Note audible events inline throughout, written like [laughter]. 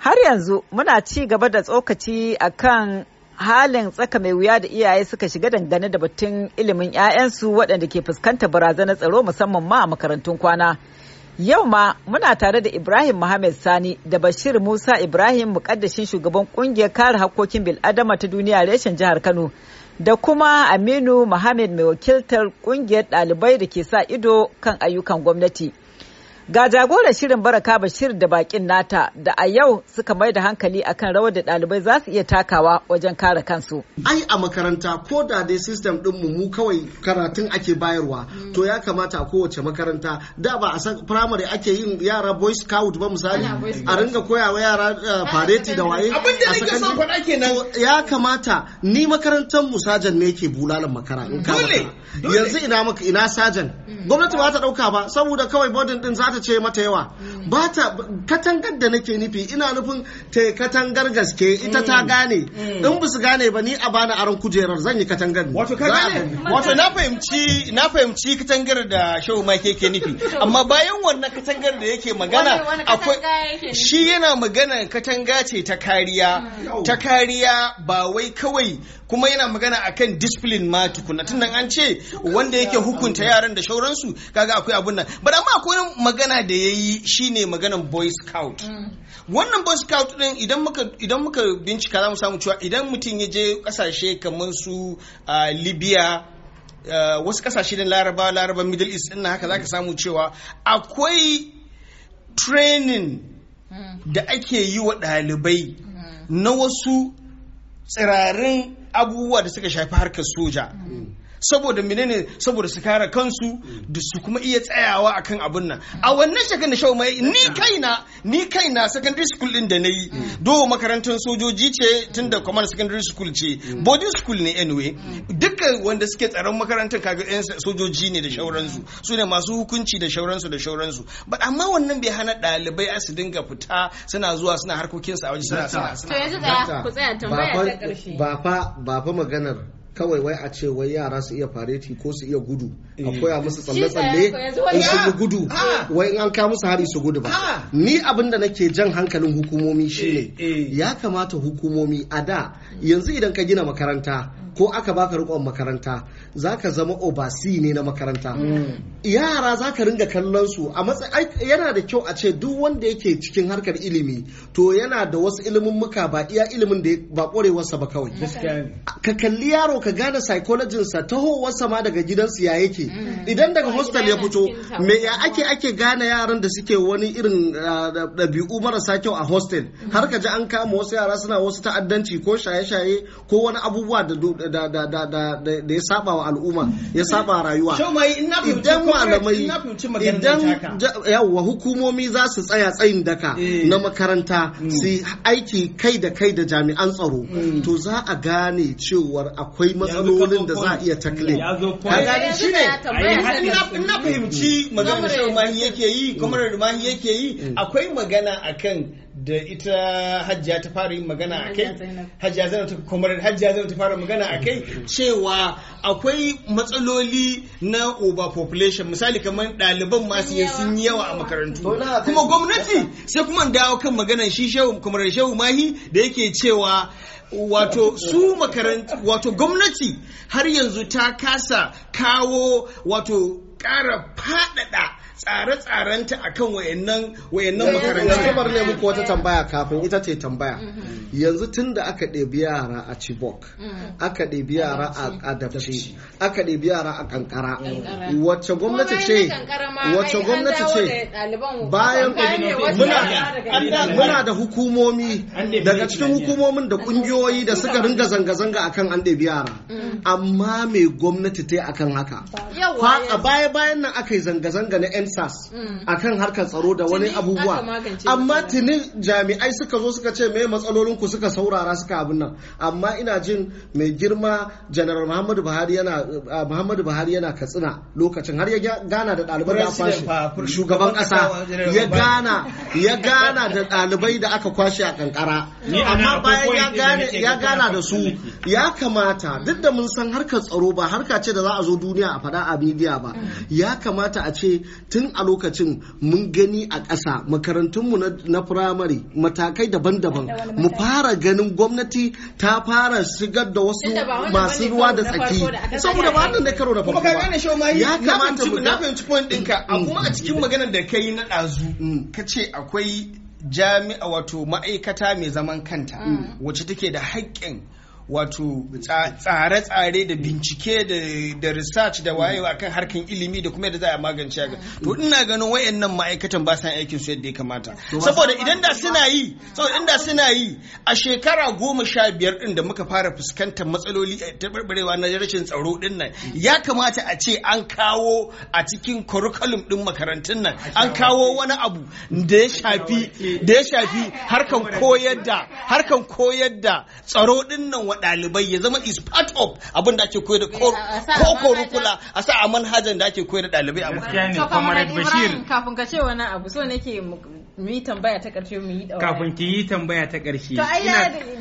Har yanzu muna ci gaba da tsokaci a kan halin tsaka mai wuya da iyaye suka shiga dangane da batun ilimin 'ya'yansu waɗanda ke fuskanta barazanar tsaro musamman ma a makarantun kwana. Yau ma muna tare da Ibrahim Muhammad Sani da Bashir Musa Ibrahim mukaddashin shugaban ƙungiyar kare hakkokin bil'adama ta duniya reshen jihar Kano da kuma Aminu Muhammad mai wakiltar ƙungiyar ɗalibai da ke sa ido kan ayyukan gwamnati. Ga jagorar shirin Baraka Bashir da bakin nata da a yau suka mai da hankali akan rawar da ɗalibai za su iya takawa wajen kare kansu. Ai a makaranta ko da dai system ɗinmu mu kawai karatun ake bayarwa mm. to ya kamata a kowace makaranta da ba a san firamare ake yin yara boy scout ba misali a ringa koya wa yara fareti uh, da waye a sakandare. Ya kamata ni makarantar mu sajan ne ke bulalan makara. Yanzu ina ina sajan. Mm. Gwamnati ba ta ɗauka ba saboda kawai bodin ɗin za ta ce mata yawa mm. ba ta katangar da nake nufi ina nufin ta katangar gaske ita ta mm. gane mm. in su gane ba ni a bana aron kujerar zan yi katangar wato ka gane wato na fahimci na fahimci katangar da shehu ma ke nufi [laughs] amma bayan wannan katangar da yake magana akwai shi yana magana katanga ce ta kariya ta kariya ba wai kawai kuma yana magana akan discipline ma tukuna tunan an ce wanda yake hukunta yaran da shauransu kaga akwai abun nan ba amma akwai magana magana da ya yi shine maganan boy scout mm. wannan boy scout din idan muka bincika za mu samu cewa idan mutum ya je kasashe kamar su libya wasu kasashe din laraba laraba middle east din haka zaka samu cewa akwai training mm. da ake yi wa ɗalibai mm. na wasu tsirarin abubuwa da suka shafi harkar soja saboda menene saboda su kare kansu da su kuma iya tsayawa akan abun nan a wannan shekarar shawo mai ni kaina ni kaina secondary school din da na yi do makarantar sojoji ce tun da command secondary school ce boarding school ne anyway duka wanda suke tsaron makarantar kaga yan sojoji ne da shauransu su ne masu hukunci da shauransu da shauransu ba amma wannan bai hana dalibai a su dinga fita suna zuwa suna harkokinsu a waje suna suna to yanzu da ku tsaya tambaya ta ƙarshe ba fa ba fa maganar kawai wai a ce wai yara su iya fareti ko su iya gudu a eh. koya musu tsalle-tsalle in su gudu wai in an ka musu hari su gudu ba ni abin da nake jan hankalin hukumomi shine eh, eh. ya kamata hukumomi a da yanzu idan ka gina makaranta ko aka baka rikon makaranta za ka zama obasi ne na makaranta mm. yara za ka ringa kallon su a yana da kyau a ce duk wanda yake cikin harkar ilimi to yana da wasu muka ba iya ilimin da ba korewarsa ba kawai ka kalli yaro ka gane psychologinsa tahowarsa ma daga gidansu ya yake mm. idan daga hostel ya fito me ya ake ake gane yaran da suke wani irin ah, ɗabi'u marasa kyau a hostel har ka ji an kama wasu yara suna wasu ta'addanci ko shaye-shaye ko wani abubuwa da da da da da da ya saba wa al'umma ya saba rayuwa idan malamai idan yawa hukumomi za su tsaya tsayin daka eh. na makaranta hmm. su aiki kai da kai da jami'an tsaro hmm. to za a gane cewar akwai matsalolin da za a iya takle ka gane shi ne ina fahimci maganar da yake yi kuma da yake yi hmm. akwai magana akan da ita hajjiya ta fara yin magana a kai hajjiya zainab ta kumar hajjiya zainab ta fara magana a kai cewa akwai matsaloli na over population misali kamar ɗaliban masu yin sun yi yawa a makarantu kuma gwamnati sai kuma dawo kan magana shi shehu kumar shehu mahi da yake cewa wato su makarantu wato gwamnati har yanzu ta kasa kawo wato ƙara faɗaɗa tsare-tsarenta akan wayannan wayannan eh, makarantu kamar ne muku wata tambaya kafin ita ce tambaya mm-hmm. Mm-hmm. yanzu tun da aka ɗebi yara a Chibok mm-hmm. aka ɗebi yara a adabci aka ɗebi yara a Kankara wacce gwamnati ce wacce gwamnati ce bayan muna da hukumomi daga cikin hukumomin da kungiyoyi da suka ringa zanga-zanga akan an ɗebi yara mm. amma mai gwamnati ta yi akan haka a baya-bayan nan aka yi zanga-zanga na Mm. a kan harkar tsaro da wani abubuwa amma tuni jami'ai suka zo suka ce me matsalolin ku suka saurara suka abin nan amma ina jin mai girma janaral eh, Muhammadu Buhari yana Katsina lokacin har ya gana da ɗaliban da kwashe shugaban ƙasa ya gana ya gana da ɗalibai da aka kwashe a kankara amma bayan ya gana da su ya kamata duk da mun san harkar tsaro ba harka ce da za a zo duniya a faɗa a bidiya ba mm. ya kamata a ce tun a lokacin mun gani a ƙasa makarantunmu na firamare matakai daban-daban mu fara ganin gwamnati ta fara shigar da wasu masu ruwa da tsaki saboda ba wannan da karo na farko ba ya kamata mu na fahimci point ɗinka a mm. kuma a cikin maganar da kai na ɗazu mm. ka ce akwai jami'a wato ma'aikata mai zaman kanta mm. wacce take da haƙƙin wato tsare-tsare da bincike da research da wayewa akan harkan ilimi da kuma yadda za a magance ga to ina ganin wayannan ma'aikatan ba san aikin su yadda ya kamata saboda idan da suna yi saboda idan da suna yi a shekara goma sha biyar din da muka fara fuskantar matsaloli eh, ta barbarewa na rashin tsaro din nan ya kamata a ce an kawo a cikin curriculum din makarantun nan an kawo wani abu da ya shafi da ya shafi harkan koyar da harkan koyar da tsaro din nan Dalibai ya zama is part of abin da ake koyar da ko kurukula a sa a manhajan da ake koyar da dalibai a makarantu. To kamar Bashir kafin ka ce wani abu so nake mu yi tambaya ta ƙarshe mu yi ɗaura. Kafin ki yi tambaya ta ƙarshe. To ai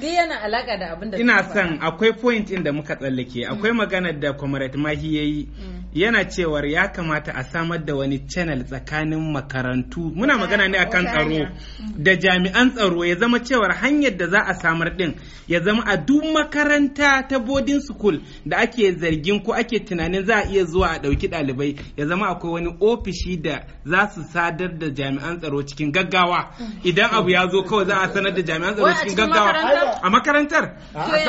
dai yana alaƙa da abin da. Ina san akwai point din da muka tsallake akwai maganar da Comrade Mahi ya yi. Mm. yana cewar ya kamata a samar da wani channel tsakanin makarantu muna magana ne akan tsaro da jami'an tsaro ya zama cewar hanyar da za a samar din ya zama a duk makaranta ta boarding school da ake zargin ko ake tunanin za a iya zuwa a ɗauki ɗalibai ya zama akwai wani ofishi da za su sadar da jami'an tsaro cikin gaggawa idan abu ya zo kawai za a sanar da jami'an tsaro cikin gaggawa a makarantar ai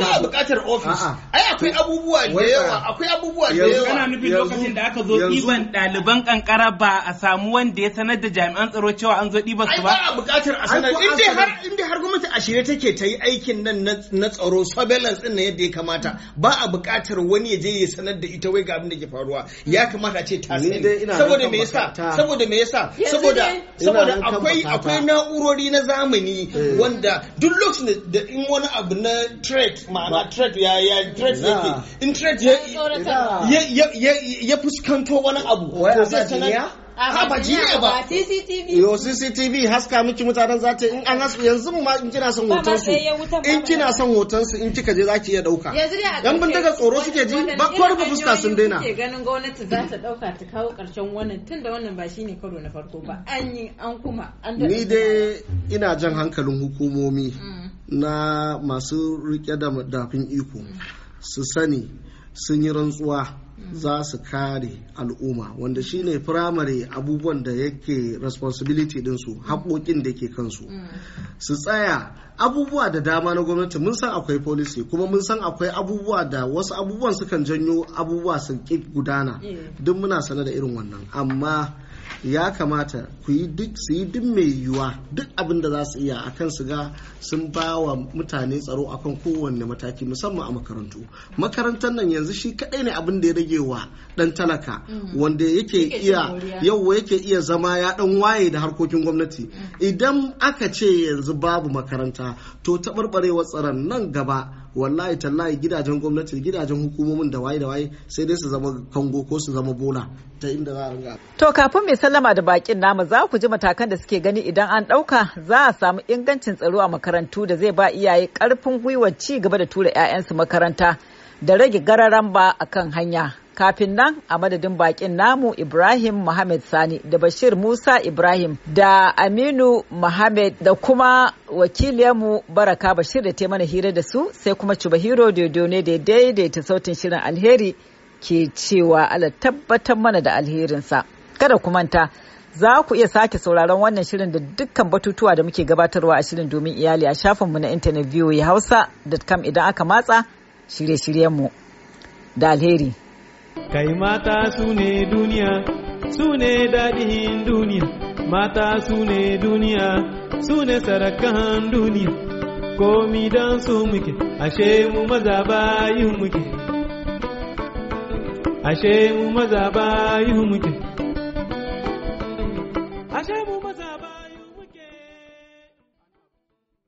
ba bukatar ofis ai akwai abubuwa da yawa akwai abubuwa da yawa kana nufin lokacin da aka zo ɗiban ɗaliban kankara ba a samu wanda ya sanar da jami'an tsaro cewa an zo ɗiban su ba ai ba a a sanar in dai har in har gwamnati a shirye take ta yi aikin nan na tsaro surveillance din na yadda ya kamata ba a buƙatar wani ya je ya sanar da ita wai ga abin da ke faruwa ya kamata a ce ta sani saboda me yasa saboda me yasa saboda saboda akwai akwai na'urori na zamani eh. wanda duk lokacin da in wani abu na threat ma'ana threat ya ya threat yake in threat ya ya ya fuskanto wani abu to sai sanar ba ji ba yo CCTV haska miki mutanen zata in an hasu yanzu mu ma in kina son hoton su in kina son hoton su in kika je za ki iya dauka dan bin daga tsoro suke ji ba ko rufe fuska sun daina ke ganin gwamnati za ta dauka ta kawo karshen wannan tunda wannan ba shine karo na farko ba an yi an kuma an ni dai ina jan hankalin hukumomi mm. na masu rike da dafin iko mm. su sani sun yi rantsuwa za su kare al'umma wanda shine firamare abubuwan da yake responsibility dinsu haƙoƙin da ke kansu su tsaya abubuwa da dama na gwamnati mun san akwai policy kuma mun san akwai abubuwa da wasu abubuwan sukan janyo abubuwa ƙi gudana duk muna sane da irin wannan amma ya kamata ku yi duk su yi duk mai yiwuwa duk abin da za su iya akan su ga sun ba wa mutane tsaro akan kowanne mataki musamman a makarantu makarantar nan yanzu shi kadai ne abin da ya rage wa dan talaka mm. wanda yake iya yake iya zama ya dan waye da harkokin gwamnati mm. idan aka ce yanzu babu makaranta to taɓarɓarewar tsaron nan gaba wallahi tallahi gidajen gwamnati gidajen hukumomin da waye da waye sai dai su zama kango ko su zama bola ta inda za a ringa to kafin mai sallama da bakin namu za za ku ji matakan da suke gani idan an ɗauka za a samu ingancin tsaro a makarantu da zai ba iyaye karfin gwiwar ci gaba da tura 'ya'yansu makaranta da rage gararan ba a kan hanya. Kafin nan a madadin bakin namu Ibrahim Mohamed Sani da Bashir Musa Ibrahim da Aminu Mohamed da kuma wakiliyarmu Baraka Bashir da ta mana hira da su sai kuma Cubahiro Dodo ne da daidaita sautin shirin alheri ke cewa ala tabbatar mana da alherinsa. Kada kumanta. Za ku iya sake sauraron wannan shirin da dukkan batutuwa da muke gabatarwa a shirin domin iyali a shafinmu na intanet hausa.com idan aka matsa shirye-shiryenmu da alheri. Kai mata su ne duniya, su ne daɗin duniya, mata su ne duniya, su ne sarakan duniya, komi don su muke, ashe mu maza bayin muke, ashe mu maza bayin muke.